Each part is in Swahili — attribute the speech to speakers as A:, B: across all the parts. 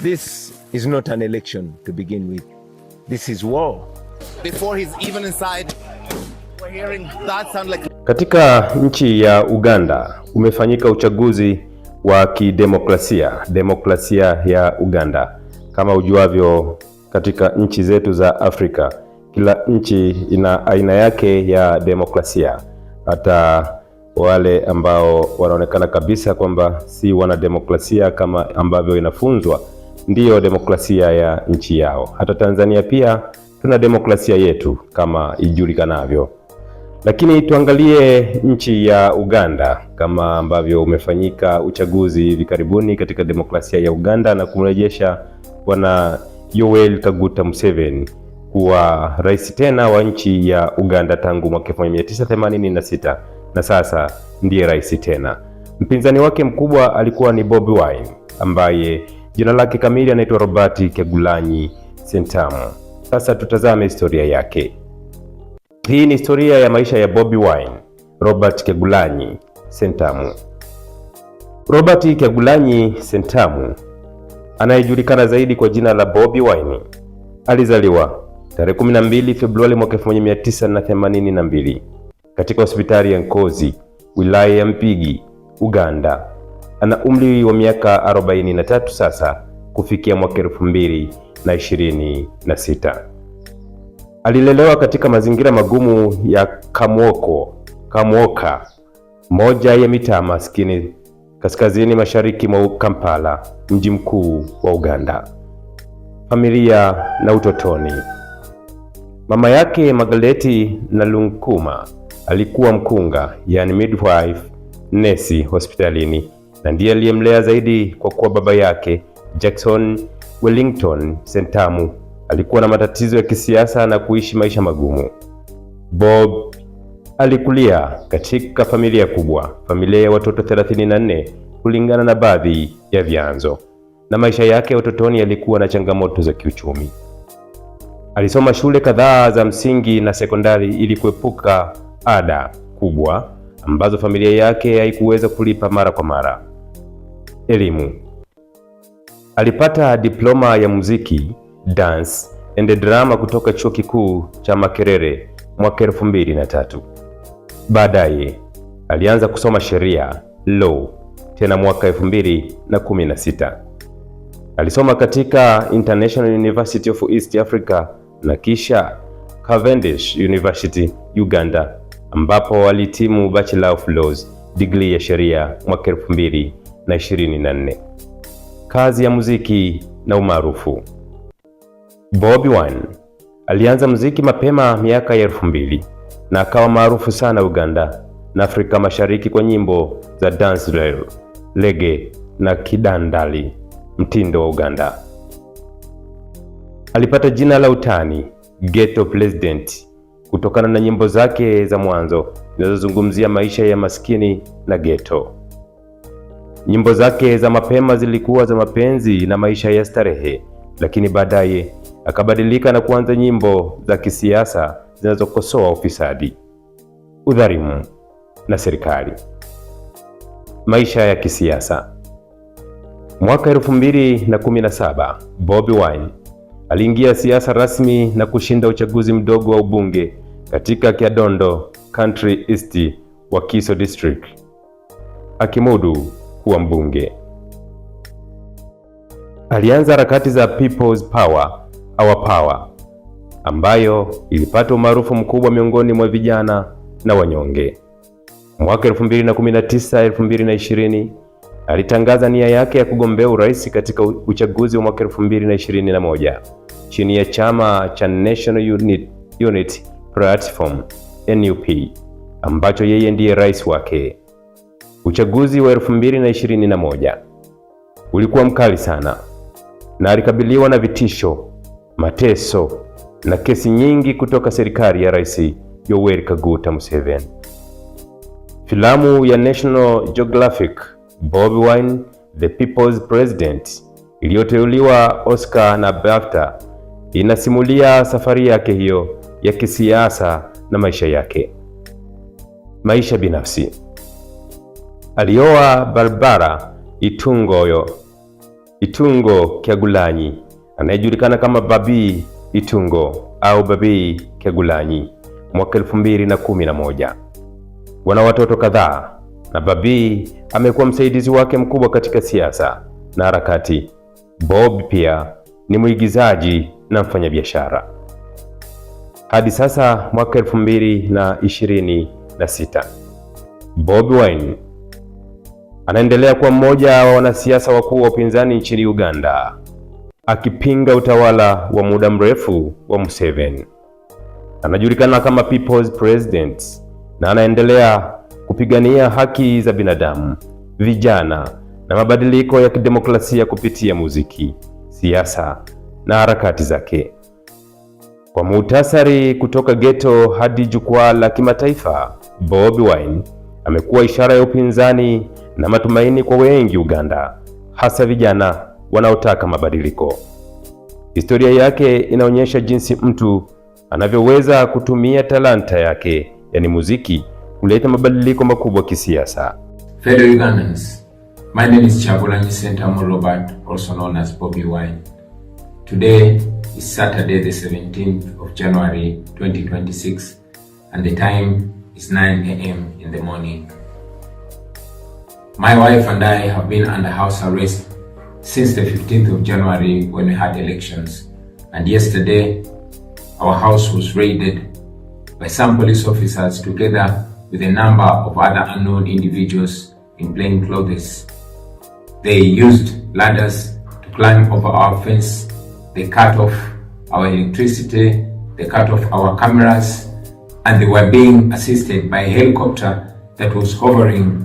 A: This is not an election to begin with. This is war. Before he's even inside,
B: we're hearing that sound like... Katika nchi ya Uganda umefanyika uchaguzi wa kidemokrasia, demokrasia ya Uganda. Kama ujuavyo, katika nchi zetu za Afrika kila nchi ina aina yake ya demokrasia. Hata wale ambao wanaonekana kabisa kwamba si wanademokrasia kama ambavyo inafunzwa ndiyo demokrasia ya nchi yao. Hata Tanzania pia tuna demokrasia yetu kama ijulikanavyo, lakini tuangalie nchi ya Uganda kama ambavyo umefanyika uchaguzi hivi karibuni katika demokrasia ya Uganda na kumrejesha bwana Yoweri Kaguta Museveni kuwa rais tena wa nchi ya Uganda tangu mwaka 1986 na sasa ndiye rais tena. Mpinzani wake mkubwa alikuwa ni Bobi Wine ambaye Jina lake kamili anaitwa Robert Kyagulanyi sentamu Sasa tutazame historia yake. Hii ni historia ya maisha ya Bobi Wine Robert Kyagulanyi sentamu Robert Kyagulanyi sentamu anayejulikana zaidi kwa jina la Bobi Wine alizaliwa tarehe 12 Februari mwaka 1982 katika hospitali ya Nkozi wilaya ya Mpigi, Uganda ana umri wa miaka 43 sasa kufikia mwaka sita. Alilelewa katika mazingira magumu ya Kamwoko, Kamwoka, moja ya mitaa maskini kaskazini mashariki mwa Kampala, mji mkuu wa Uganda. Familia na utotoni. Mama yake Magaleti Nalunkuma alikuwa mkunga, yani midwife, nesi hospitalini na ndiye aliyemlea zaidi kwa kuwa baba yake Jackson Wellington Sentamu alikuwa na matatizo ya kisiasa na kuishi maisha magumu. Bob alikulia katika familia kubwa, familia ya watoto 34 kulingana na baadhi ya vyanzo, na maisha yake ya utotoni yalikuwa na changamoto za kiuchumi. Alisoma shule kadhaa za msingi na sekondari ili kuepuka ada kubwa ambazo familia yake haikuweza kulipa mara kwa mara elimu. Alipata diploma ya muziki, dance and drama kutoka Chuo Kikuu cha Makerere mwaka tatu. Baadaye alianza kusoma sheria law tena mwaka sita. Alisoma katika International University of East Africa na kisha Cavendish University Uganda, ambapo alitimu Bachelor of Laws, degree ya sheria mwaka 2000 na nne. Kazi ya muziki na umaarufu. Bobi Wine alianza muziki mapema miaka ya elfu mbili na akawa maarufu sana Uganda na Afrika Mashariki kwa nyimbo za dancehall, reggae na kidandali, mtindo wa Uganda. Alipata jina la utani Ghetto President kutokana na nyimbo zake za mwanzo zinazozungumzia maisha ya maskini na ghetto. Nyimbo zake za mapema zilikuwa za mapenzi na maisha ya starehe, lakini baadaye akabadilika na kuanza nyimbo za kisiasa zinazokosoa ufisadi, udhalimu na serikali. Maisha ya kisiasa. Mwaka 2017 Bobi Wine aliingia siasa rasmi na kushinda uchaguzi mdogo wa ubunge katika Kiadondo Country East wa Kiso District akimudu kuwa mbunge. Alianza harakati za People's Power, Our Power ambayo ilipata umaarufu mkubwa miongoni mwa vijana na wanyonge. Mwaka 2019, 2020 alitangaza nia yake ya kugombea urais katika uchaguzi wa mwaka 2021 chini ya chama cha National Unit, Unit Platform NUP ambacho yeye ndiye rais wake. Uchaguzi wa 2021 ulikuwa mkali sana na alikabiliwa na vitisho, mateso na kesi nyingi kutoka serikali ya Rais Yoweri Kaguta Museveni. Filamu ya National Geographic Bobi Wine The People's President iliyoteuliwa Oscar na BAFTA inasimulia safari yake hiyo ya kisiasa na maisha yake. Maisha binafsi alioa Barbara Itungoyo Itungo Kyagulanyi anayejulikana kama babi Itungo au Babii Kyagulanyi mwaka elfu mbili na kumi na moja. Wana watoto kadhaa na Babii amekuwa msaidizi wake mkubwa katika siasa na harakati. Bob pia ni mwigizaji na mfanyabiashara. Hadi sasa mwaka elfu mbili na ishirini na sita Bob Wine anaendelea kuwa mmoja wa wanasiasa wakuu wa upinzani nchini Uganda, akipinga utawala wa muda mrefu wa Museveni. Anajulikana kama People's President na anaendelea kupigania haki za binadamu, vijana na mabadiliko ya kidemokrasia kupitia muziki, siasa na harakati zake. Kwa muhtasari, kutoka geto hadi jukwaa la kimataifa, Bobi Wine amekuwa ishara ya upinzani na matumaini kwa wengi Uganda, hasa vijana wanaotaka mabadiliko. Historia yake inaonyesha jinsi mtu anavyoweza kutumia talanta yake, yani muziki, kuleta mabadiliko makubwa kisiasa.
C: Fellow Ugandans, my name is Chagulanyi Sentamu Robert, also known as Bobby Wine. Today is Saturday the 17th of January 2026 and the time is 9 a.m. in the morning. My wife and I have been under house arrest since the 15th of January when we had elections. And yesterday, our house was raided by some police officers together with a number of other unknown individuals in plain clothes. They used ladders to climb over our fence. They cut off our electricity. They cut off our cameras. And they were being assisted by a helicopter that was hovering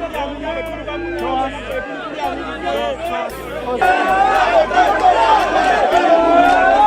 C: Oh, my God.